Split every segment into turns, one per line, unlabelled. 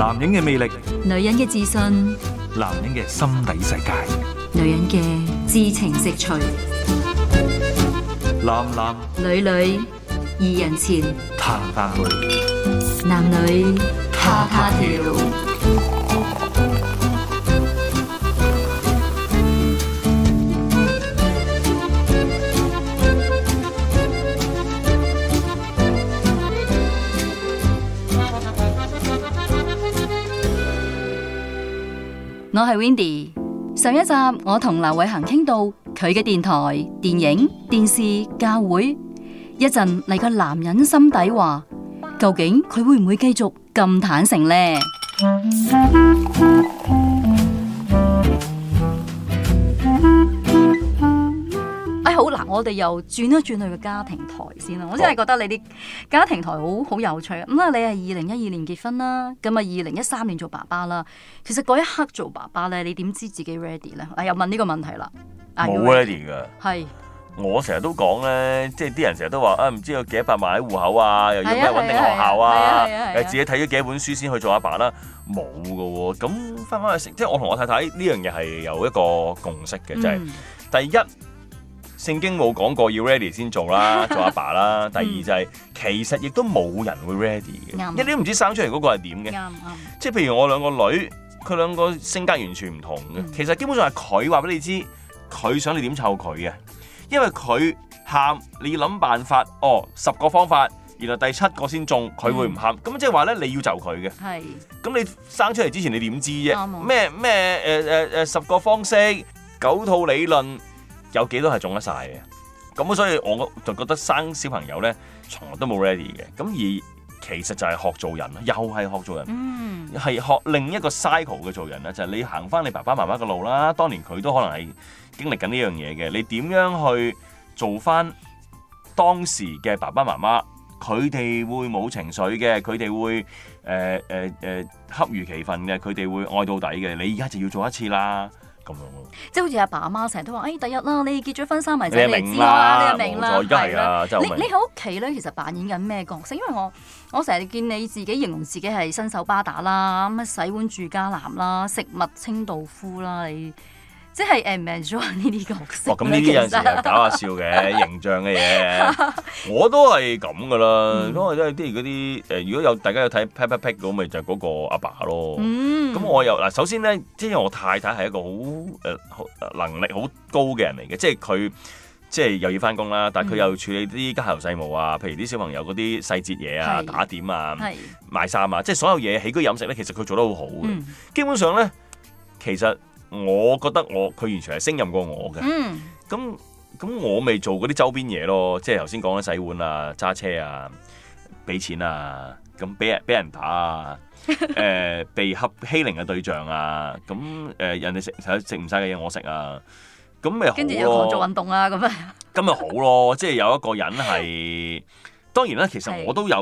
男人嘅魅力，
女人嘅自信，
男人嘅心底世界，
女人嘅知情識趣，
男男
女女二人前
談談去，男女，
男女
他她調。
我係 Wendy，上一集我同劉偉恒傾到佢嘅電台、電影、電視、教會，一陣嚟個男人心底話，究竟佢會唔會繼續咁坦誠呢？我哋又轉一轉去個家庭台先啦，我真係覺得你啲家庭台好好有趣咁啊、嗯，你係二零一二年結婚啦，咁啊二零一三年做爸爸啦。其實嗰一刻做爸爸咧，你點知自己 ready 咧？又、哎、問呢個問題啦。冇 ready 噶。係是。
我成日都講咧，即係啲人成日都話啊，唔知有幾百萬喺戶口啊，又要咩穩定學校啊，誒自己睇咗幾本書先去做阿爸啦、啊。冇噶喎。咁返返去識，即係我同我太太呢樣嘢係有一個共識嘅，嗯、就係第一。聖經冇講過要 ready 先做啦，做阿爸，爸啦。 第二就係、是、其實亦都冇人會 ready 嘅，一啲都唔知生出嚟嗰個係點嘅。嗯嗯、即係譬如我兩個女，佢兩個性格完全唔同嘅。嗯、其實基本上係佢話俾你知，佢想你點湊佢嘅。因為佢喊，你諗辦法，哦，十個方法，原來第七個先中，佢會唔喊。咁、嗯、即係話咧，你要就佢嘅。咁是你生出嚟之前你，你點知啫？咩咩誒誒誒十個方式，九套理論。有幾多係中得晒嘅？咁所以我就覺得生小朋友呢，從來都冇 ready 嘅。咁而其實就係學做人，又係學做人，係、嗯、學另一個 cycle 嘅做人啦。就係、是、你行翻你爸爸媽媽嘅路啦。當年佢都可能係經歷緊呢樣嘢嘅。你點樣去做翻當時嘅爸爸媽媽？佢哋會冇情緒嘅，佢哋會誒誒恰如其分嘅，佢哋會愛到底嘅。你而家就要做一次啦。
即係好似阿爸阿媽成日都話，誒、哎，第一日啦，你結咗婚生埋仔，你知我啦，你明啦。而家係啦，你你喺屋企咧，其實扮演緊咩角色？因為我我成日見你自己形容自己係新手巴打啦，咁啊洗碗住家男啦，食物清道夫啦，你。即係誒 manage 呢啲角色、哦，咁呢啲有陣時搞下
笑嘅 形象嘅嘢， 我都係咁噶啦。嗯、因為即係啲嗰啲誒，如果有大家有睇 pat pat pat 嘅，咁咪就係、是、嗰個阿爸，爸咯。咁、嗯嗯、我又嗱，首先咧，即係我太太係一個好誒、呃，能力好高嘅人嚟嘅，即係佢即係又要返工啦，但係佢又處理啲家頭細務啊，譬如啲小朋友嗰啲細節嘢啊、是打點啊、是是買衫啊，即係所有嘢起居飲食咧，其實佢做得好好嘅。基本上咧，其實。我覺得我佢完全係升任過我嘅，咁咁我未做嗰啲周邊嘢咯，即係頭先講嘅洗碗啊、揸車啊、俾錢啊，咁俾人俾人打啊，誒、 呃、被合欺凌嘅對象啊，咁誒人哋食食食唔晒嘅嘢我食啊，咁咪好咯，做運動啊咁啊，咁咪好咯，即係有一個人係當然啦，其實我都有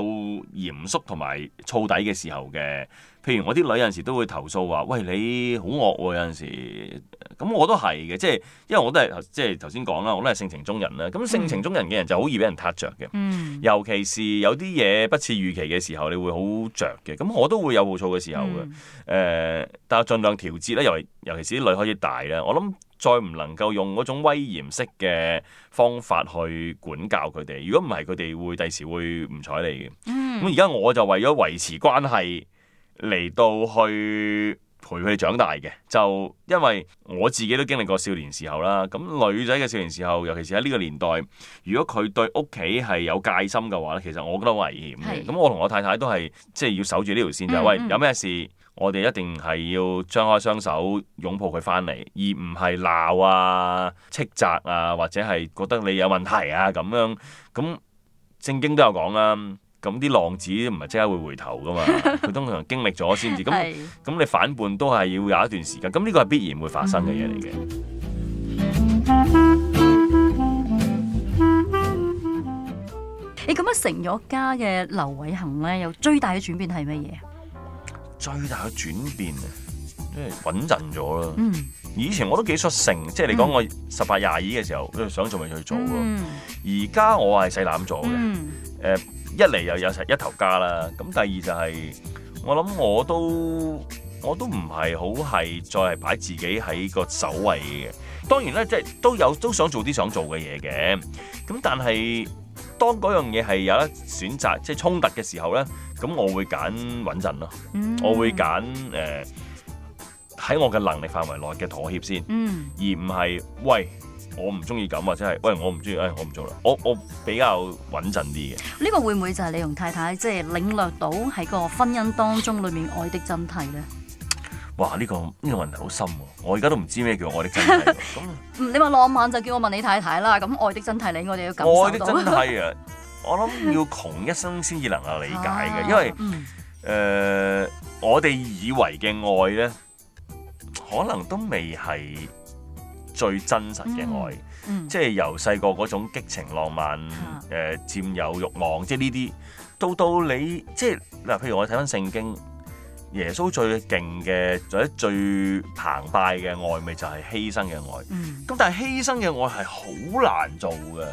嚴肅同埋燥底嘅時候嘅。譬如我啲女有陣時都會投訴話，喂，你好惡喎，啊！有陣時，咁我都係嘅，即係因為我都係即係頭先講啦，我都係性情中人咧。咁性情中人嘅人就好易俾人撻着嘅，嗯、尤其是有啲嘢不似預期嘅時候，你會好着嘅。咁我都會有暴躁嘅時候嘅，誒、嗯呃，但係盡量調節咧。尤尤其是啲女可以大啦，我諗再唔能夠用嗰種威嚴式嘅方法去管教佢哋，如果唔係，佢哋會第時會唔睬你嘅。咁而家我就為咗維持關係，嚟到去陪佢哋長大嘅，就因為我自己都經歷過少年時候啦。咁女仔嘅少年時候，尤其是喺呢個年代，如果佢對屋企係有戒心嘅話咧，其實我覺得好危險嘅。咁是我同我太太都係即係要守住呢條線，就係、是、喂有咩事，我哋一定係要張開雙手擁抱佢翻嚟，而唔係鬧啊、斥責啊，或者係覺得你有問題啊咁樣。咁聖經都有講啦。咁啲浪子唔係即刻會回頭噶嘛？佢通常經歷咗先至咁，咁 是你反叛都係要有一段時間。咁呢個係必然會發生嘅嘢嚟嘅。
你，欸，咁樣，成咗家嘅劉偉恒咧，有最大嘅轉變係乜嘢？
最大嘅轉變，即係穩陣咗啦。嗯。以前我都幾率性，即係你講我十八廿二嘅時候，想做咪去做
喎。
而家、嗯、我係細膽咗嘅，誒、嗯呃、一嚟又有，有一頭家啦。咁第二就係、是、我諗我都我都唔係好係再係擺自己喺個首位嘅。當然咧，即係都有都想做啲想做嘅嘢嘅。咁但係當嗰樣嘢係有得選擇，即係衝突嘅時候咧，咁我會揀穩陣咯。嗯、我會揀誒。呃喺我嘅能力範圍內嘅妥協先，嗯、而唔係喂我唔中意咁或者係喂我唔中意，哎我唔做啦。我、就是、我，我，我，我比較穩陣啲嘅。
呢個會唔會就係你同太太即係、就是、領略到喺個婚姻當中裏面愛的真諦咧？
哇！呢、這個呢、這個問題好深喎、啊，我而家都唔知咩叫愛的真諦、啊。咁
那你話浪漫就叫我問你太太啦。咁愛的真諦，你我哋要感受愛的真
諦啊！我諗要窮一生先至能夠理解嘅， 啊、因為誒、呃、我哋以為嘅愛咧。可能都未係最真實嘅愛，嗯嗯、即係由細個嗰種激情、浪漫誒占、呃、有欲望，即係呢啲到到你即係嗱，譬如我睇返聖經，耶穌最勁嘅或者最澎湃嘅愛、愛，咪就係犧牲嘅愛。咁但係犧牲嘅愛係好難做嘅，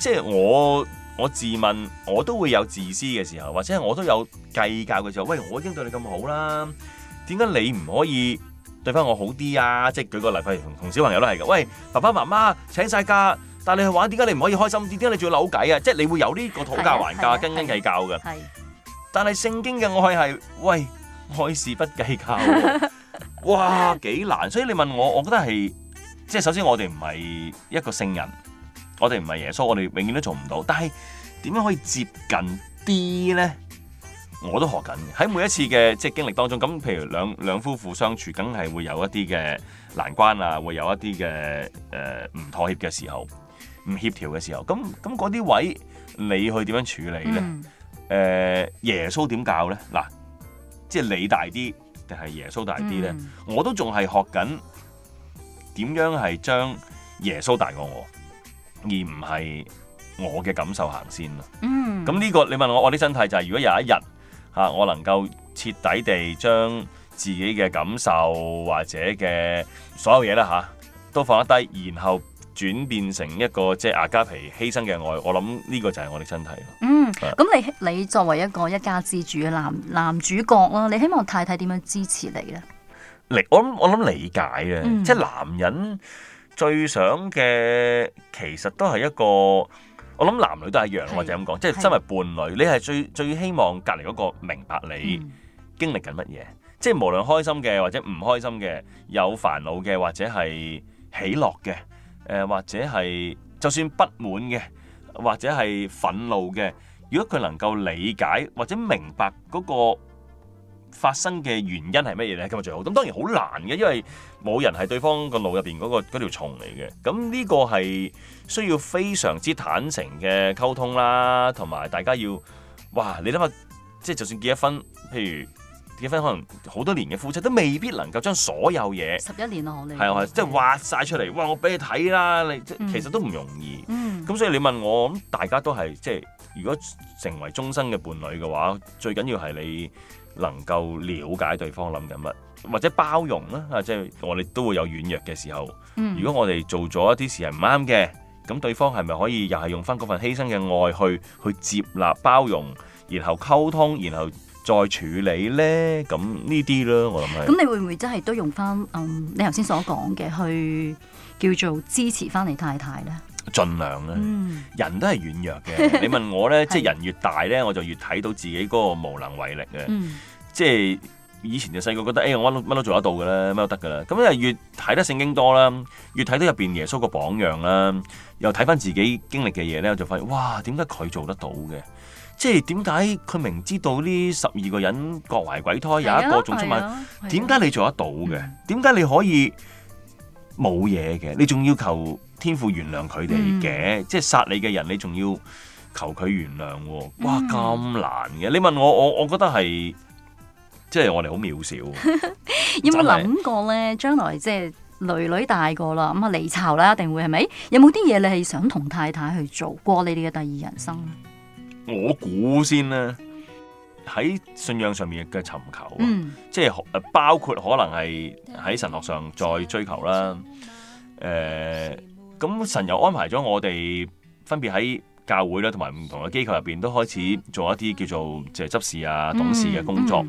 即係我我自問我都會有自私嘅時候，或者我都有計較嘅時候。喂，我已經對你咁好啦，點解你唔可以？對翻我好啲啊！即係舉個例，譬如同小朋友都係嘅。喂，爸爸媽媽請晒假，帶你去玩，點解你唔可以開心啲？點解你仲仲扭計啊？即係你會有呢個討價還價、斤斤計較嘅。係，但係聖經嘅愛係喂，愛是不計較。哇，幾難！所以你問我，我覺得係即係首先我哋唔係一個聖人，我哋唔係耶穌，我哋永遠都做唔到。但係點樣可以接近啲呢？我都學緊喺每一次嘅即係經歷當中，咁譬如兩兩夫婦相處，梗係會有一啲嘅難關啊，會有一啲嘅誒唔妥協嘅時候，唔協調嘅時候，咁咁嗰啲位你去點樣處理咧？誒、嗯呃、耶穌點教咧？嗱，即係你大啲定係耶穌大啲咧？嗯、我都仲係學緊點樣係將耶穌大過我，而唔係我嘅感受行先啦。咁呢、嗯這個你問我，我啲真態就係、是、如果有一日。吓我能夠徹底地將自己嘅感受或者嘅所有嘢啦吓，都放得低，然後轉變成一個即係阿加皮犧牲嘅愛，我諗呢個就係我哋身體咯。嗯，
咁你你作為一個一家之主嘅男男主角啦，你希望太太點樣支持你咧？
理我諗我諗理解嘅，嗯、即係男人最想嘅，其實都係一個。我諗男女都係一樣，或者咁講，即係身為伴侶，是你係最最希望隔籬嗰個明白你經歷緊乜嘢，嗯、即係無論開心嘅或者唔開心嘅，有煩惱嘅或者係喜樂嘅，誒、呃、或者係就算不滿嘅或者係憤怒嘅，如果佢能夠理解或者明白嗰、嗰個發生嘅原因係乜嘢咧？今日最好咁當然好難嘅，因為冇人係對方個腦入邊嗰個嗰條蟲嚟嘅。咁呢個係需要非常之坦誠嘅溝通啦，同埋大家要哇！你諗下，即係就算結一分，譬如結一分可能好多年嘅夫妻，都未必能夠將所有嘢
十一年咯，係啊，即
係是的挖曬出嚟哇！我俾你睇啦，嗯、你其實都唔容易。咁、嗯、所以你問我，咁大家都係即係。如果成為終生嘅伴侶嘅話，最緊要係你能夠了解對方諗緊乜，或者包容啦，啊，即係我哋都會有軟弱嘅時候。嗯、如果我哋做咗一啲事係唔啱嘅，咁對方係咪可以又係用翻嗰份犧牲嘅愛去去接納包容，然後溝通，然後再處理呢？咁呢啲咯，我諗係。咁你
會唔會真係都用翻嗯你頭先所講嘅去叫做支持翻你太太呢？
盡量啦，嗯、人都係軟弱嘅。 你問我咧，即係是 人越大咧，我就越睇到自己嗰個無能為力嘅。嗯、即係以前就細個覺得誒、欸，我乜都乜都做得到噶啦，乜都，嗯、得噶啦。咁你為越睇得聖經多啦，越睇到入邊耶穌個榜樣啦，又睇翻自己經歷嘅嘢咧，我就發現哇，點解佢做得到嘅？即係點解佢明知道呢十二個人各懷鬼胎，有一個仲出賣，點解你做得到嘅？點解你可以冇嘢嘅？你仲要求？天父原諒佢哋嘅，嗯、即係殺你嘅人，你仲要求佢原諒？哦？哇、咁、嗯、難嘅！你問我，我我覺得係，即係我哋好渺小。
有冇諗過咧？將、即係、來即係女女大個啦，咁啊離巢啦，一定會係咪？有冇啲嘢你係想同太太去做過你哋嘅第二人生？
我估先啦，喺信仰上面嘅尋求，啊、嗯、即係包括可能係喺神學上再追求啦，誒、嗯。呃咁神又安排咗我哋分別喺教會啦，同埋唔同嘅機構入邊都開始做一啲叫做即係執事啊、董事嘅、啊嗯嗯、工作。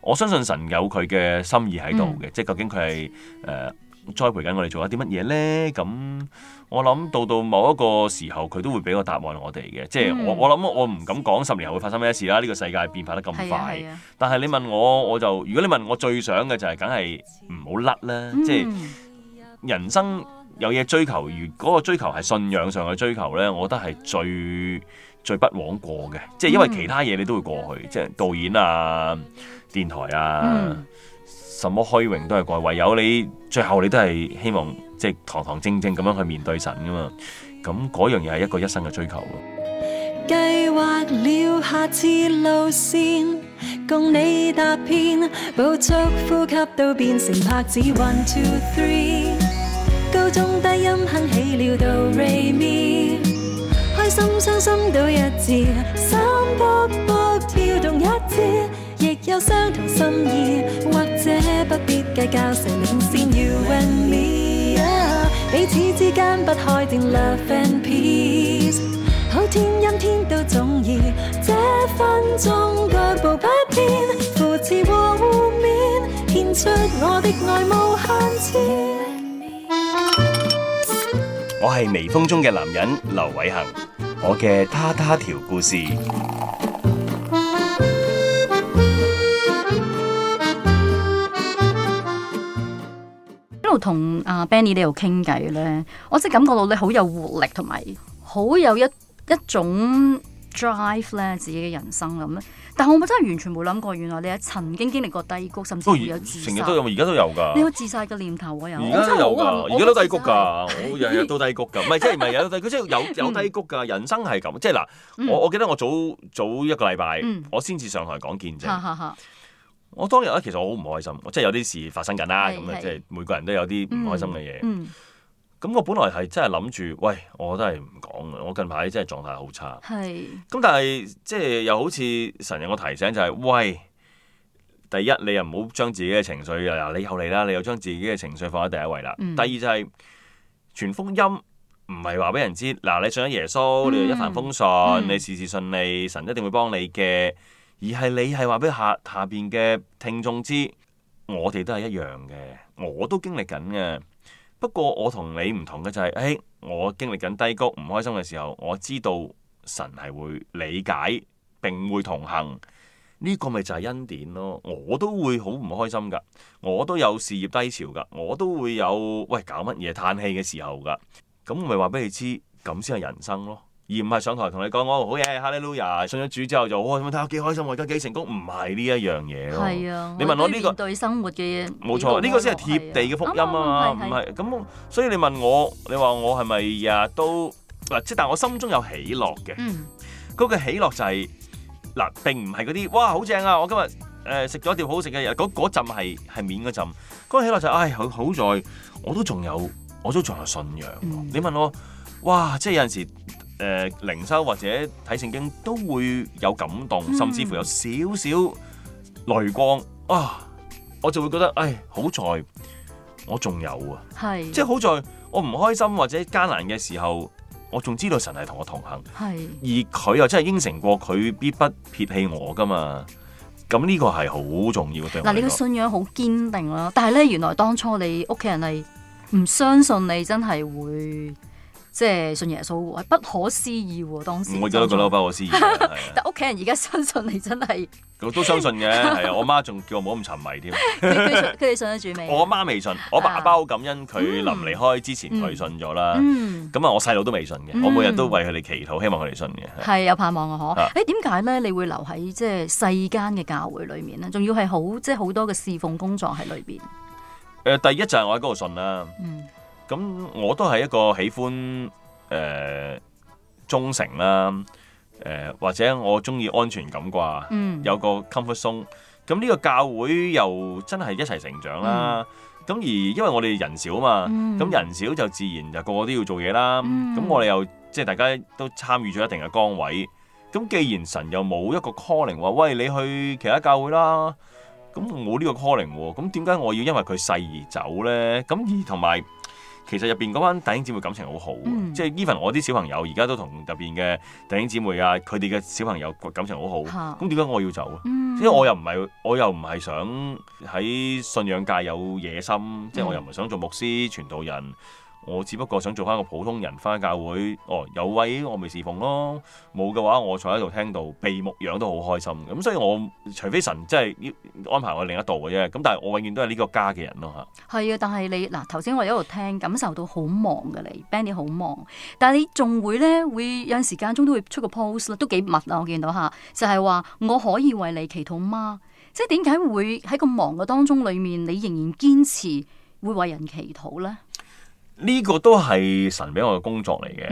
我相信神有佢嘅心意喺度嘅，嗯、即係究竟佢係誒栽培緊我哋做一啲乜嘢咧？咁我諗到到某一個時候，佢都會俾個答案我哋嘅。嗯、即係我我諗我唔敢講十年後會發生咩事啦。呢個世界變化得咁快，啊啊、但係你問我，我就如果你問我最想嘅就係梗係唔好甩啦。嗯、即係人生。有嘢追求如，如、那、嗰個追求係信仰上嘅追求咧，我覺得係最最不枉過嘅。即係因為其他嘢你都會過去，mm. 即係導演啊、電台啊，mm. 什麼虛榮都係過，唯有你最後你都係希望即係堂堂正正咁樣去面對神噶嘛。咁嗰樣又係
一個一生嘅追求咯。高中低音哼起了 Do Re Mi，開心傷心到一致，心卜卜跳動一致，亦有相同心意，或者不必計較誰領先。You and me，彼、yeah、此之間不開定 Love and Peace。好天陰天都中意，這分鐘腳步不變，扶持和互勉，獻出我的愛無限次。
我係微風中嘅男人劉偉恒，我嘅他他調故事。
一路同阿 Benny 呢度傾偈咧，我先感覺到你好有活力，同埋好有一一種。drive 咧自己嘅人生咁，但係我真係完全冇諗過，原來你係曾經經歷過低谷，甚至有自殺。成日都有，而
家都有㗎。你有，
自殺嘅念頭，我有。而家都有㗎，而家都低谷㗎。我日日
都低谷㗎，唔係即係唔係有低谷，佢即係有有低谷㗎。人生係咁，即係嗱，我我記得我早早一個禮拜，我先至上台講見證。我當日咧，其實我好唔開心，即係有啲事發生緊啦。咁樣即係每個人都有啲唔開心嘅嘢。咁我本來係真係諗住，喂，我都係唔講嘅。我近排真係狀態好差。係是。咁但係即係又好似神有個提醒就係、是，喂，第一你又唔好將自己嘅情緒，嗱，你又嚟啦，你又將自己嘅情緒放喺第一位啦。嗯、第二就係傳福音唔係話俾人知，嗱，你信咗耶穌，你有一帆風順，你事事順利，神一定會幫你嘅。而係你係話俾下下邊嘅聽眾知，我哋都係一樣嘅，我都經歷緊嘅。不過我同你唔同嘅就係，誒，我經歷緊低谷唔開心嘅時候，我知道神係會理解並會同行，呢個咪就係恩典咯。我都會好唔開心㗎，我都有事業低潮㗎，我都會有喂，搞乜嘢嘆氣嘅時候㗎，咁咪話俾你知，咁先係人生咯。而唔係上台同你講我、哦、好嘢，哈利路亞，信咗主之後就好開心，睇下幾開心，我而家幾成功，唔係呢一樣嘢咯。係啊，你問我呢、這個我面
對生活嘅嘢，冇錯，呢個先
係貼地嘅福音啊嘛，唔係咁，所以你問我，你話我係咪日都嗱？即、啊、係但我心中有喜樂嘅，嗯，嗰個喜樂就係、是、嗱、啊，並唔係嗰啲哇好正啊！我今日誒食咗碟好食嘅，嘢，嗰陣係係面嗰陣。嗰、那個喜樂就係、是、唉、哎，好在我都仲有，我都仲有，有，有，有信仰。嗯、你問我，哇！即係有陣時。誒，靈修、呃、或者睇聖經都會有感動，嗯、甚至乎有少少淚光啊！我就會覺得，哎，好在我仲有啊，係是，即係好在我唔開心或者艱難嘅時候，我仲知道神係同我同行，係是，而佢又真係應承過佢必不撇棄我噶嘛，咁呢個係好重要嘅。嗱，你個
信仰好堅定啦，但係咧，原來當初你屋企人係唔相信你真係會。即係信耶穌喎，不可思議喎！當時，我亦都覺得不可思議。但屋企人而家相信你真係，
我都相信嘅，係啊！我媽仲叫我唔好咁沉迷添。
佢哋信得住未？我
媽未信，我爸爸好感恩，佢臨離開之前先信咗啦。咁啊，我細佬都未信嘅，我每日都為佢哋祈禱，希望佢哋信嘅。係有
盼望嘅呵。誒，點解咧？你會留喺即係世間嘅教會裏面咧？仲要係好即係好多嘅侍奉工作喺裏邊。
誒，第一就係我喺嗰度信啦。咁我都係一個喜歡誒、呃、忠誠啦，誒、呃、或者我中意安全感啩，嗯、有個 comfort zone。咁呢個教會又真係一齊成長啦。咁、嗯、而因為我哋人少啊嘛，咁、嗯、人少就自然就個個都要做嘢啦。咁、嗯、我哋又即係大家都參與咗一定嘅崗位。咁既然神又冇一個 calling 話，喂，你去其他教會啦。咁我呢個 calling，咁、哦、點解我要因為佢細而走咧？咁而同埋。其實入邊嗰班弟兄姊妹感情好好，啊嗯、即係 even 我啲小朋友而家都同入邊嘅弟兄姊妹啊，佢哋嘅小朋友感情好好。咁點解我要走咧、啊？因為、嗯、我又唔係，我又唔係想喺信仰界有野心，嗯、即係我又唔係想做牧師、傳道人。我只不過想做翻個普通人，翻教會哦，有位我未侍奉咯，冇嘅話我坐喺度聽到，閉目養都好開心嘅。咁所以我除非神真係要安排我另一度嘅啫，咁但係我永遠都係呢個家嘅人咯吓。
係啊，但係你嗱頭先我一度聽感受到好忙嘅你，Benny 好忙，但係你仲會咧會有時間中都會出個 post 啦，都幾密啊！我見到吓，就係話我可以為你祈禱嗎？即係點解會喺咁忙嘅當中裏面，你仍然堅持會為人祈禱咧？
呢個都係神俾我嘅工作嚟嘅。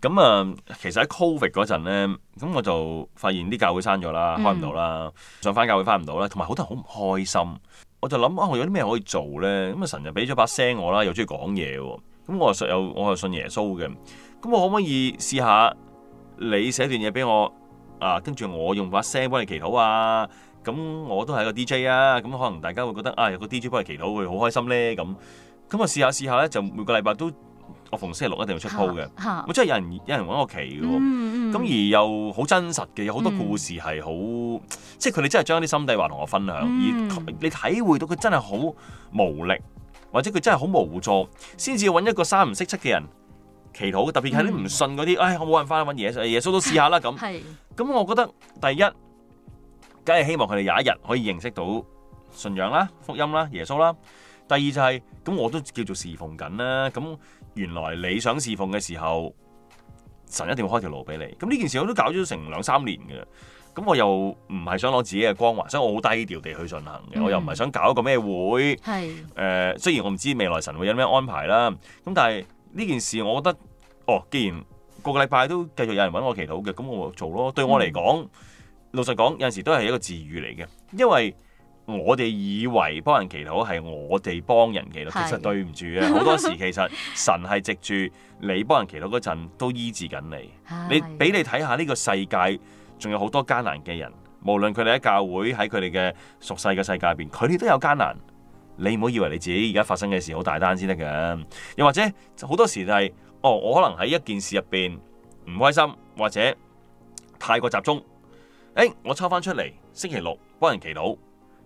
咁啊、嗯嗯，其實喺 Covid 嗰陣咧，咁我就發現啲教會閂咗啦，開唔到啦，嗯、上翻教會翻唔到啦，同埋好多人好唔開心。我就諗啊，我有啲咩可以做咧？咁啊，神就俾咗把聲我啦，又中意講嘢喎。咁我，我又信，又我係信耶穌嘅。咁我可唔可以試下你寫段嘢俾我啊？跟住我用把聲幫你祈禱啊？咁我都係個 DJ 啊。咁可能大家會覺得啊，有個 DJ 幫你祈禱會好開心咧咁。咁啊，試下試下咧，就每個禮拜都我逢星期六一定要出鋪嘅，咁即係有人有人揾我祈嘅，咁而又好真實嘅，有好多故事係好，即係佢哋真係將啲心底話同我分享，嗯、而你體會到佢真係好無力，或者佢真係好無助，先至揾一個三唔識七嘅人祈禱。特別係你唔信嗰啲，唉、嗯，我冇辦法揾耶穌，耶穌都試下啦咁。咁是我覺得第一，梗係希望佢哋有一日可以認識到信仰啦、福音啦、耶穌啦。第二就係、是、咁，我都叫做侍奉緊啦。咁原來你想侍奉嘅時候，神一定要開條路俾你。咁呢件事我都搞咗成兩三年嘅，咁我又唔係想攞自己嘅光環，所以我好低調地去進行嘅。嗯、我又唔係想搞一個咩會。係誒是、呃，雖然我唔知未來神會有咩安排啦。咁但係呢件事，我覺得哦，既然個個禮拜都繼續有人搵我祈禱嘅，咁我咪做咯。對我嚟講，嗯、老實講有陣時都係一個治癒嚟嘅，因為，我哋以為幫人祈禱係我哋幫人祈禱，其實對唔住啊！好是的 多時其實神係藉住你幫人祈禱嗰陣都醫治緊你。是的 你俾你睇下呢個世界，仲有好多艱難嘅人，無論佢哋喺教會喺佢哋嘅熟悉嘅世界邊，佢哋都有艱難。你唔好以為你自己而家發生嘅事好大單先得㗎。又或者好多時係、就係、哦，我可能喺一件事入邊唔開心，或者太過集中，誒、哎、我抽翻出嚟星期六幫人祈禱。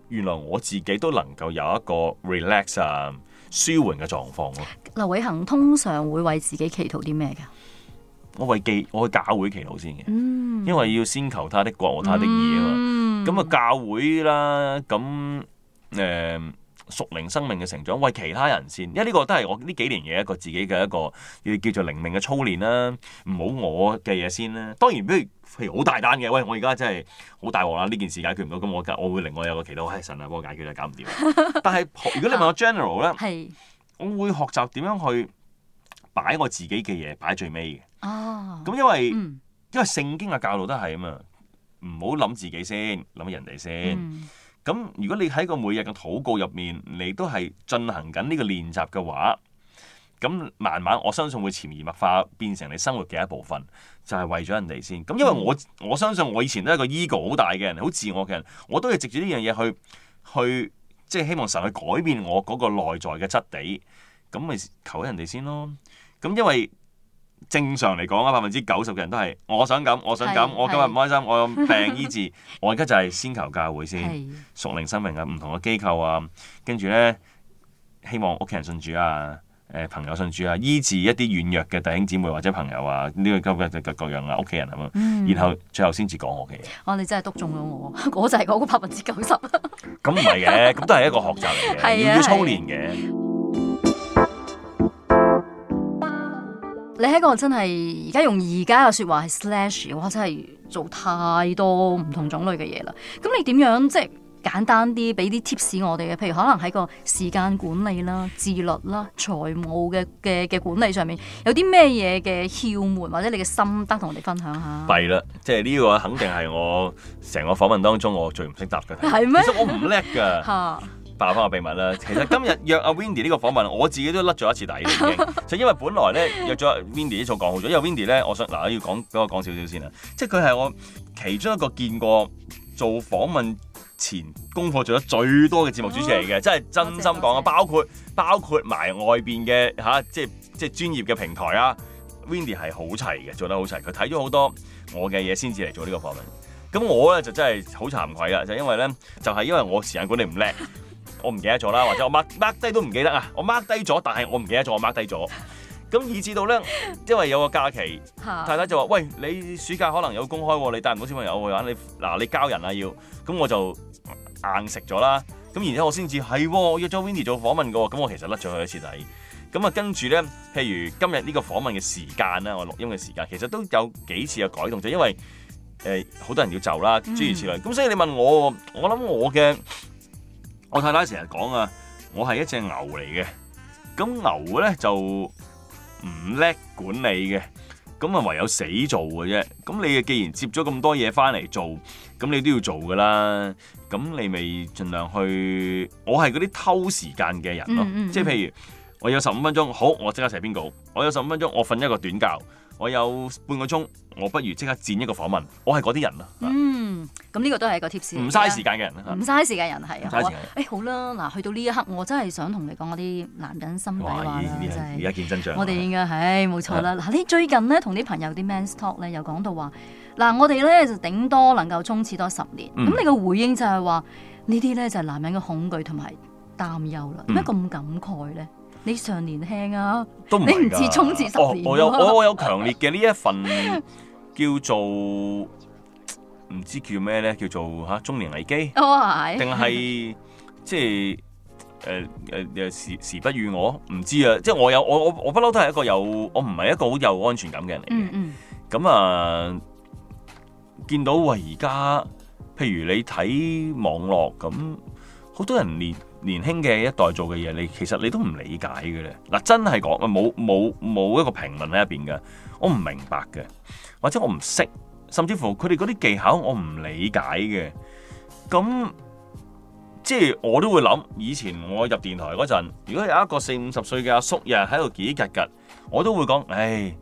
原來我自己都能夠有一個 relax 啊、uh,，舒緩嘅狀況咯。
劉偉恒通常會為自己祈禱啲咩㗎？
我為記，我去教會祈禱先嘅。嗯、因為要先求他的國，他的義啊嘛。咁啊、嗯，教會啦，咁誒。Uh, 屬靈生命嘅成長，為其他人先。因為呢個都係我呢幾年嘅一個自己嘅一個，要叫做靈命嘅操練啦、啊。唔好我嘅嘢先啦、啊。當然，比如譬如好大單嘅，喂，我而家真係好大鑊啦，呢件事解決唔到，咁我我會另外有個祈禱，唉、哎，神啊，幫我解決啦，搞唔掂。但係如果你問我 general 咧，係 是我會學習點樣去擺我自己嘅嘢擺最尾嘅。哦、啊，咁因為、嗯、因為聖經嘅教導都係咁啊，唔好諗自己先，諗人哋先。嗯咁如果你喺個每日嘅禱告入面，你都係進行緊呢個練習嘅話，咁慢慢我相信會潛移默化變成你生活嘅一部分，就係為咗人哋先。咁因為我我相信我以前都係個 ego 好大嘅人，好自我嘅人，我都係藉住呢樣嘢去去即係希望神去改變我嗰個內在嘅質地，咁咪求，求人哋先咯。咁因為。正常嚟講啊，百分之九十嘅人都係我想咁，我想咁。我，想是我今日唔開心，是的 我有病醫治， 我而家就係先求教會先，是的 屬靈生命嘅、啊、唔同嘅機構啊，跟住咧希望屋企人信主啊，誒朋友信主啊，醫治一啲軟弱嘅弟兄姊妹或者朋友啊，呢、這個各各各樣啊，屋企人咁、啊、樣，嗯、然後最後先至講我嘅
嘢。我、啊、你真係篤中咗我，我就係嗰個百分之九十啊。
咁唔係嘅，咁都係一個學習嚟嘅， 要要操練嘅。
你喺個真係而家用而家嘅説話係 slash 嘅話，真係做太多唔同種類嘅嘢啦。咁你點樣即係簡單啲俾啲 tips 我哋嘅？譬如可能喺個時間管理啦、自律啦、財務嘅嘅嘅管理上面，有啲咩嘢嘅竅門或者你嘅心得同我哋分享下？
弊啦，即係呢個肯定係我成個訪問當中我最唔識答嘅題。係咩 嗎？其實我唔叻㗎。 爆翻個秘密啦！其實今日約阿 Windy 呢個訪問，我自己都甩咗一次底啦，已經就因為本來咧約咗 Windy 做講好咗，因為 Windy 咧，我想嗱要講俾我講少少先啦，即係佢係我其中一個見過做訪問前功課做得最多嘅節目主持嚟嘅，真係真心講啊！包括包括埋外邊嘅吓，即係即係專業嘅平台啊，Windy 係好齊嘅，做得好齊，佢睇咗好多我嘅嘢先至嚟做呢個訪問。咁我咧就真係好慚愧啊。就係、因為咧就係、係因，就係、因為我時間管理唔叻。我唔記得咗啦，或者我 mark mark 低都唔記得啊！我 mark 低咗，但係我唔記得咗，我 mark 低咗。咁以至到咧，因為有個假期， 太太就話：喂，你暑假可能有公開喎，你帶唔到小朋友㗎？你嗱，你交人啊要。咁我就硬食咗啦。咁然之後我先至係，我約咗 Windy 做訪問㗎。咁我其實甩咗佢一次底。咁啊，跟住咧，譬如今日呢個訪問嘅時間啦，我錄音嘅時間，其實都有幾次嘅改動，就因為誒好、呃、多人要就啦，諸如此類。咁、嗯、所以你問我，我諗我嘅。我太太成日講啊，我係一隻牛嚟嘅，咁牛咧就唔叻管理嘅，咁啊唯有死做嘅啫。咁你啊既然接咗咁多嘢翻嚟做，咁你都要做噶啦。咁你咪盡量去，我係嗰啲偷時間嘅人咯。嗯嗯嗯。即係譬如我有十五分鐘，好，我即刻寫篇稿。我有十五分鐘，我瞓一個短覺。我有半個鐘，我不如即刻剪一個訪問。我係嗰啲人啦。
嗯，咁呢個都係一個貼士。唔嘥時間嘅人，唔嘥時間人係啊。唔嘥時間。誒好啦，嗱，去到呢一刻，我真係想同你講嗰啲男人心底話啦。而家、就是、
見真相。我哋應
該，唉、啊，冇錯啦。嗱，你最近咧同啲朋友啲 men talk 咧，又講到話，嗱，我哋咧就頂多能夠衝刺多十年。咁、嗯、你個回應就係話，呢啲咧就係、是、男人嘅恐懼同埋擔憂啦。點解咁感慨咧？呢你尚年輕啊，都你唔似，中年十年，啊、我，我有我我有
強烈嘅呢 一份叫做唔知叫咩咧，叫做吓、啊、中年危機，
定係、
oh, yes. 即係誒誒時時不與我，唔知啊！即係我有我我我不嬲都係一個有我唔係一個好有安全感嘅人嚟嘅。咁、mm hmm. 啊，見到喂而家，譬如你睇網絡咁，好多人連。年輕嘅一代做嘅嘢，你其實你都唔理解嘅咧。嗱，真係講冇冇冇一個評論喺入邊嘅，我唔明白嘅，或者我唔識，甚至乎佢哋嗰啲技巧我唔理解嘅。咁即係我都會諗，以前我入電台嗰陣，如果有一個四五十歲嘅阿叔日喺度攰攰，我都會講，唉、哎，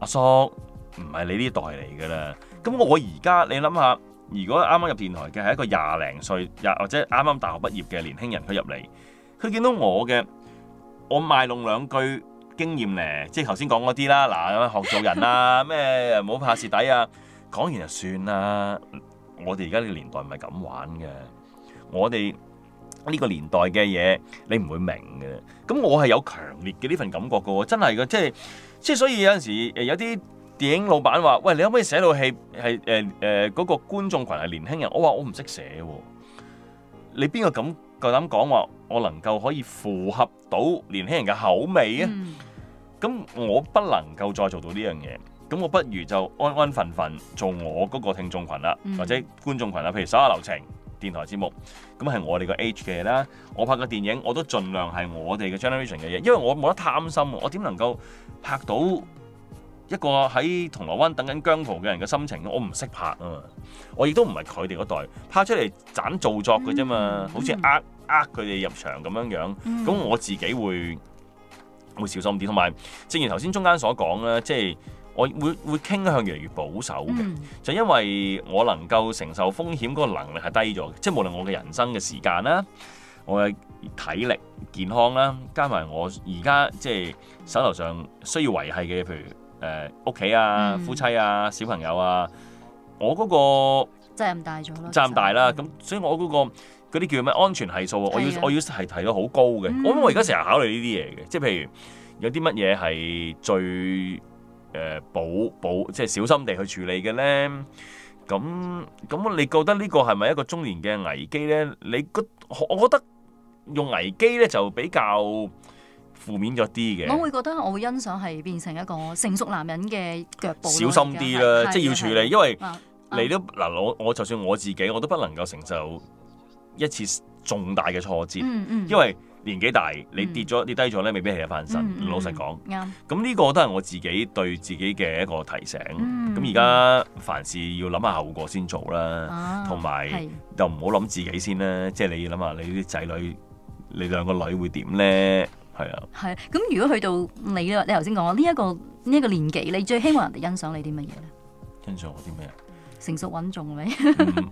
阿叔唔係你呢代嚟嘅啦。咁我而家你諗下。如果啱啱入電台嘅係一個廿零歲，又或者啱啱大學畢業嘅年輕人，佢入嚟，佢見到我嘅，我賣弄兩句經驗咧，即係頭先講嗰啲啦，嗱，學做人啊，咩唔好怕蝕底啊，講完就算啦。我哋而家呢個年代唔係咁玩嘅，我哋呢個年代嘅嘢你唔會明嘅。咁我係有強烈嘅呢份感覺㗎喎，真係㗎，即係即係所以有陣時誒有啲。電影老闆話，喂，你可唔可以寫到戲？係誒誒，嗰個觀眾群係年輕人。我話我唔識寫，你邊個咁夠膽講話我能夠可以符合到年輕人嘅口味啊？咁我不能夠再做到呢樣嘢，咁我不如就安安分分做我嗰個聽眾群啦，或者觀眾群啦。譬如守下留情電台節目，咁係我哋個 age 嘅嘢啦。我拍嘅電影我都盡量係我哋嘅 generation 嘅嘢，因為我冇得貪心，我點能夠拍到？一個喺銅鑼灣等緊姜濤嘅人嘅心情，我唔識拍啊嘛。我亦都唔係佢哋嗰代拍出嚟，盞造作嘅啫嘛，好似呃呃佢哋入場咁樣樣。咁我自己會會小心啲，同埋正如頭先中間所講啦，即係我會會傾向越嚟越保守嘅，就因為我能夠承受風險嗰個能力係低咗嘅，即係無論我嘅人生嘅時間啦，我嘅體力健康啦，加埋我而家即係手頭上需要維繫嘅，譬如。誒，屋企、呃、啊，嗯、夫妻啊，小朋友啊，我嗰、那個
責任大咗咯，責任大
啦。咁、嗯、所以我嗰、那個嗰啲叫咩安全係數、嗯，我要我要係提到好高嘅。嗯、我諗而家成日考慮呢啲嘢嘅，即係譬如有啲乜嘢係最誒、呃、保保，即係小心地去處理嘅咧。咁咁，你覺得呢個係咪一個中年嘅危機咧？你覺我覺得用危機咧就比較負面咗啲嘅，我會覺
得我會欣賞係變成一個成熟男人嘅腳步小心啲啦，即係要處理，因為
你都嗱，我我就算我自己，我都不能夠承受一次重大嘅挫折，因為年紀大，你跌咗跌低咗咧，未必係一翻身。老實講，啱。咁呢個都係我自己對自己嘅一個提醒。咁而家凡事要諗下後果先做啦，同埋就唔好諗自己先啦。即係你諗下你啲仔女，你兩個女會點咧？係
啊，係啊，咁如果去到你你頭先講呢一個呢一個年紀，你最希望人哋欣賞你啲乜嘢咧？
欣賞我啲咩啊？
成熟穩重嘅
咩？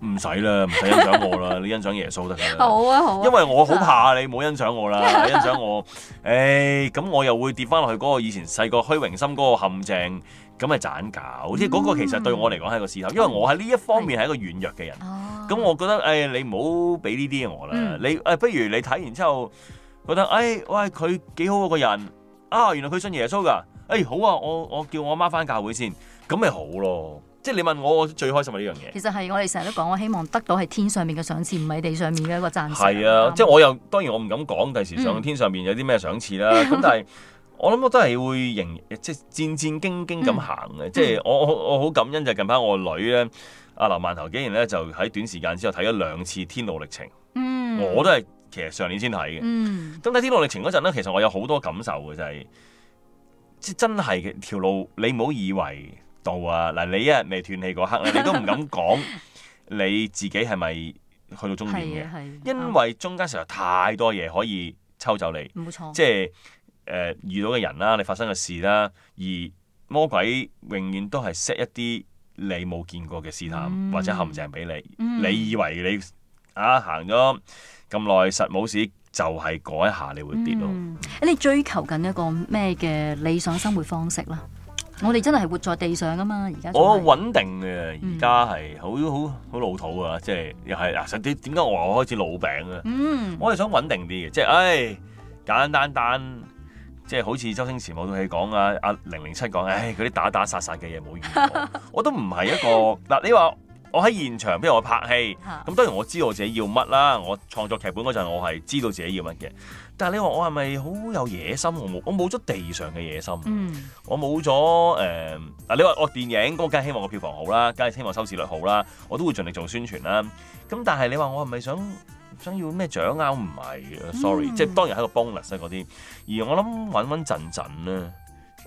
唔使啦，唔使欣賞我啦，你欣賞耶穌得噶啦。好啊好
啊，
因為我好怕
你冇欣賞我啦，欣賞我，誒，咁我又會跌翻落去嗰個以前細個虛榮心嗰個陷阱，咁咪盞搞，即係嗰個其實對我嚟講係一個思考，因為我喺呢一方面係一個軟弱嘅人，咁我覺得誒，你唔好俾呢啲我啦，你誒，不如你睇完之後。覺得誒、哎，喂，佢幾好嗰個人啊！原來佢信耶穌噶，誒、哎，好啊！我我叫我媽翻教會先，咁咪好咯。即係你問我，我最開心係呢樣嘢。
其實係我哋成日都講，我希望得到係天上面嘅賞賜，唔係地上面嘅一個贊助。係啊，嗎即係
我又當然我唔敢講第時上天上面有啲咩賞賜啦。咁、嗯、但係我諗我都係會認即係戰戰兢兢咁行嘅。嗯、即係我我好感恩就係近排我女咧，阿劉萬頭竟然咧就喺短時間之後睇咗兩次《天路歷程》
嗯。我都
係。其實上年先睇嘅，咁睇《天路歷程》嗰陣咧，其實我有好多感受嘅，就是，就係即真係條路，你唔好以為到啊嗱，你一日未斷氣嗰刻咧， 你都唔敢講你自己係咪去到終點嘅，因為中間實在太多嘢可以抽走你，冇錯錯，即係誒遇到嘅人啦，啊，你發生嘅事啦，啊，而魔鬼永遠都係 set 一啲你冇見過嘅試探，嗯、或者陷阱俾你，嗯、你以為你啊行咗。行咁耐，實冇事就係、是、改下你、嗯，你會跌
咯。你追求緊一個咩嘅理想生活方式啦？我哋真係活在地上啊嘛！而家我
穩定嘅，而家係好好好老土啊！即係又係嗱，實啲點解我話我開始老餅咧？嗯，我係想穩定啲嘅，即係唉、哎，簡單單，即係好似周星馳冇套戲講啊，阿零零七講唉，嗰、哎、啲打打殺殺嘅嘢冇用， 我都唔係一個嗱，你話。我喺現場，譬如我拍戲，咁當然我知道我自己要乜啦。我創作劇本嗰陣，我係知道自己要乜嘅。但係你話我係咪好有野心？我冇，我冇咗地上嘅野心。我冇咗誒嗱，你話我電影，我梗係希望個票房好啦，梗係希望收視率好啦，我都會盡力做宣傳啦。咁但係你話我係咪想想要咩獎啊？唔係，sorry，嗯、即係當然係個 bonus 嗰啲。而我諗穩穩陣陣啦，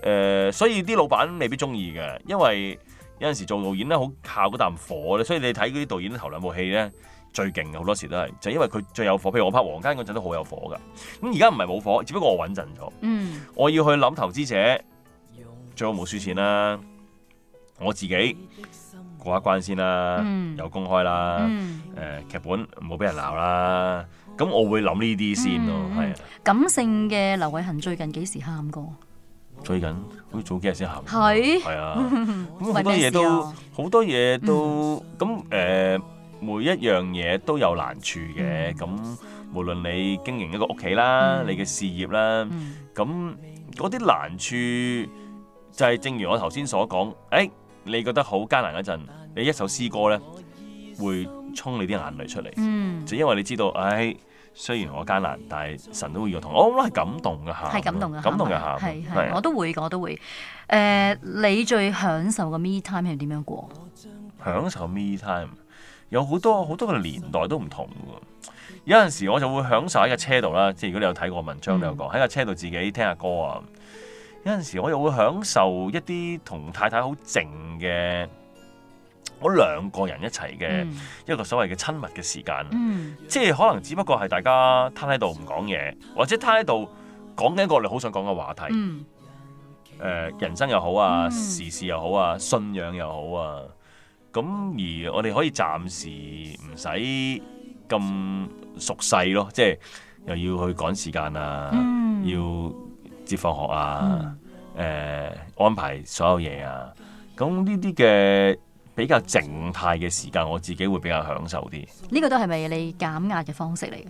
誒、呃，所以啲老闆未必中意嘅，因為。有陣時做導演咧，好靠嗰啖火咧，所以你睇嗰啲導演頭兩部戲咧最勁嘅，好多時都係就因為佢最有火。譬如我拍《王家欣》嗰陣都好有火噶，咁而家唔係冇火，只不過我穩陣咗。嗯，我要去諗投資者，最好冇輸錢啦，我自己過一關先啦，嗯、有公開啦，誒、嗯，劇、呃、本唔好俾人鬧啦，咁我會諗呢啲先咯，係啊、嗯。
的感性嘅劉偉恒最近幾時喊過？
做緊，最好似早幾日先行。係是。係啊，
咁好多嘢都，
好多嘢都，咁誒、呃，每一樣嘢都有難處嘅。咁、嗯、無論你經營一個屋企啦，嗯、你嘅事業啦，咁嗰啲難處就係正如我頭先所講，誒、哎，你覺得好艱難嗰陣，你一首詩歌咧，會衝你啲眼淚出嚟。嗯。就因為你知道，哎。雖然我艱難，但係神都會要同我，我都係感動嘅嚇。係感動嘅，感動嘅嚇。係係，我都
會，我都會。誒，你最享受嘅 me time 係點樣過？
享受 me time 有好多好多個年代都唔同喎。有陣時我就會享受喺架車度啦，即係如果你有睇過文章都、嗯、有講喺架車度自己聽下歌啊。有陣時我又會享受一啲同太太好靜嘅。我兩個人一齊嘅一個所謂嘅親密嘅時間，嗯、即係可能只不過係大家攤喺度唔講嘢，或者攤喺度講緊一個你好想講嘅話題，誒、嗯呃、人生又好啊，嗯、時事又好啊，信仰又好啊，咁而我哋可以暫時唔使咁熟細咯，即係又要去趕時間啊，嗯、要接放學啊，誒、嗯呃、安排所有嘢啊，咁呢啲嘅。比較靜態嘅時間，我自己會比較享受啲。
呢個都係咪你減壓嘅方式嚟㗎？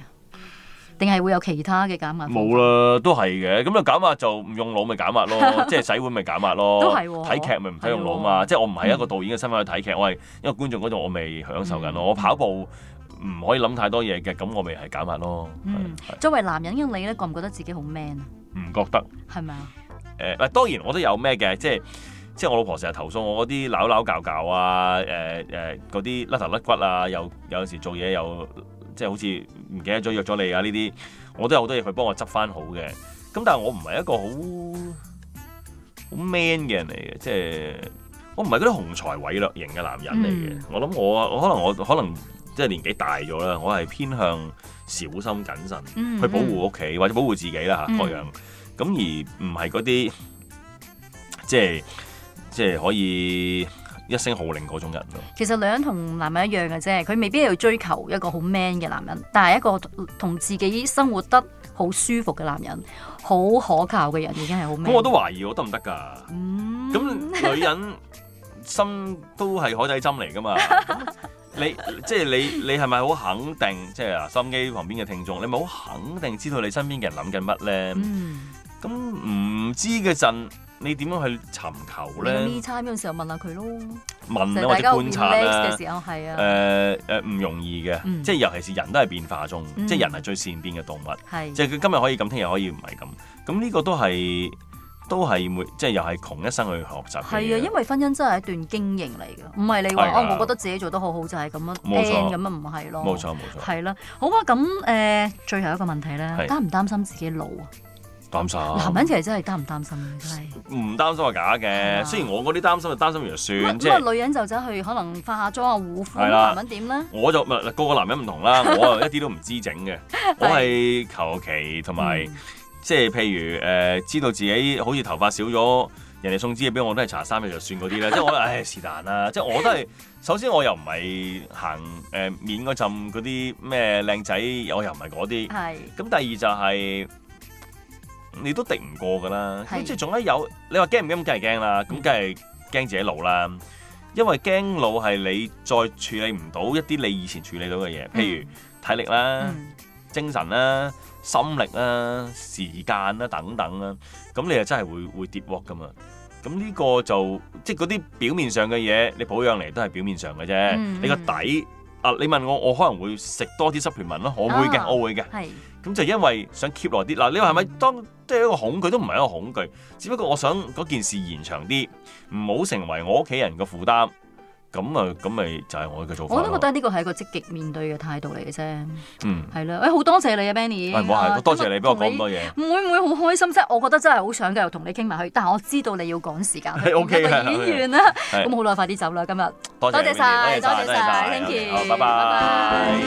定係會有其他嘅減壓方式？冇
啦，都係嘅。咁啊減壓就唔用腦咪減壓咯， 即係洗碗咪減壓咯。都係喎。哦。睇劇咪唔使用腦嘛。哦、即係我唔係一個導演嘅身份去睇劇，嗯、我係一個觀眾嗰度，我未享受緊咯。嗯、我跑步唔可以諗太多嘢嘅，咁我咪係減壓咯。嗯、
作為男人嘅你咧，覺唔覺得自己好 man 啊？唔覺得。係咪啊？
誒，嗱，當然我都有咩嘅，即係。即係我老婆成日投訴我嗰啲扭扭搞搞啊，誒誒嗰啲甩頭甩骨啊，又有時做嘢又即係好似唔記得咗約咗你啊呢啲，我都有好多嘢去幫我執翻好嘅。咁但係我唔係一個好好 man 嘅人嚟嘅，即係我唔係嗰啲雄才偉略型嘅男人嚟嘅。嗯、我諗我我可能我可能即係年紀大咗啦，我係偏向小心謹慎嗯嗯去保護屋企或者保護自己啦嚇各、嗯、樣。咁而唔係嗰啲即係。即係可以一聲號令嗰種人咯。
其實女人同男人一樣嘅啫，佢未必要追求一個好 man 嘅男人，但係一個同自己生活得好舒服嘅男人，好可靠嘅人已經係好 man。咁、嗯、我都懷
疑我得唔得㗎？咁、嗯、女人心都係海底針嚟㗎嘛？ 你即係、就是、你，你係咪好肯定？即係啊，心機旁邊嘅聽眾，你咪好肯定知道你身邊嘅人諗緊乜咧？咁唔、嗯、知嘅陣。你點樣去尋求咧
m e e 時候問下佢咯。
問啊，或者觀察咧。誒誒，唔容易嘅，即係尤其是人都係變化中，即係人係最善變嘅動物。即係佢今日可以咁，聽日可以唔係咁。咁呢個都係都係即係又係窮一生去學習。係啊，因
為婚姻真係一段經營嚟嘅，唔係你話哦，我覺得自己做得好好就係咁樣，冇錯咁樣唔係咯。冇錯冇錯。係啦。好啊，咁誒，最後一個問題咧，擔唔擔心自己老啊？男人其實真係擔唔擔心
嘅，係唔擔心係假嘅。雖然我嗰啲擔心，就擔心完就算。咁啊，女
人就走去可能化下妝啊、護膚啊，男人點呢？
我就唔係，個個男人唔同啦，我啊一啲都唔知整嘅。我係求其同埋，即係譬如誒，知道自己好似頭髮少咗，人哋送支嘢俾我都係搽三日就算嗰啲啦。即係我唉，是但啦。即係我都係首先我又唔係行誒面嗰陣嗰啲咩靚仔，我又唔係嗰啲。係咁，第二就係。你都敵唔過噶啦，即係是總之有，你話驚唔驚？梗係驚啦，咁梗係驚自己老啦。因為驚老係你再處理唔到一啲你以前處理到嘅嘢，嗯、譬如體力啦、嗯、精神啦、心力啦、時間啦等等啦。咁你又真係會會跌鑊噶嘛？咁呢個就即係嗰啲表面上嘅嘢，你保養嚟都係表面上嘅啫。嗯嗯，你個底。啊！你問我，我可能會食多啲 supplement 咯，我會嘅，啊、我會嘅。係是，咁就因為想 keep 耐啲。嗱，你話係咪？當即係一個恐懼都唔係一個恐懼，只不過我想嗰件事延長啲，唔好成為我屋企人嘅負擔。咁啊，咁咪就係我嘅做法。我都覺得呢
個係一個積極面對嘅態度嚟嘅啫。嗯，係咯，誒，好多謝你啊，Benny。唔好謝，多
謝你俾我講咁多嘢。唔
會唔會好開心？即我覺得真係好想繼續同你傾埋去。但係我知道你要趕時間，係 OK。演完啦，咁好耐快啲走啦。今日多謝晒，多謝晒，thank you！拜
拜。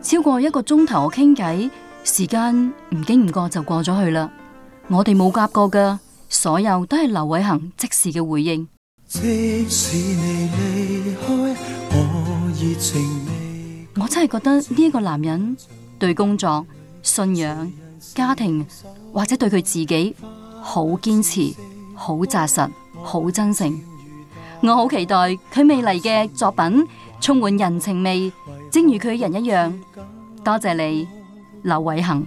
超過一個鐘頭我傾偈，時間唔經唔覺就過咗去啦。我哋冇夾過噶。所有都係劉偉恒即時嘅回應。即使你離開我，我真係覺得呢一個男人對工作、信仰、家庭或者對佢自己好堅持、好紮實、好真誠。我好期待佢未來嘅作品充滿人情味，正如佢人一樣。多謝你，劉偉恒。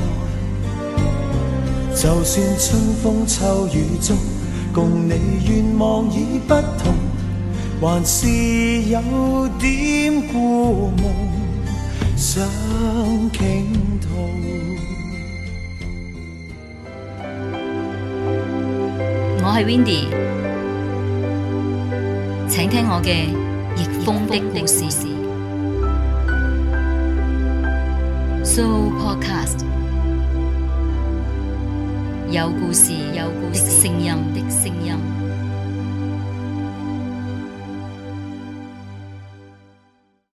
就算春
風秋雨中共你願望已不同還是有點故夢想傾吐
我是 Windy 請聽我的逆風的故事 Soooradio Podcast 有故
事，有故事，聲音的聲音。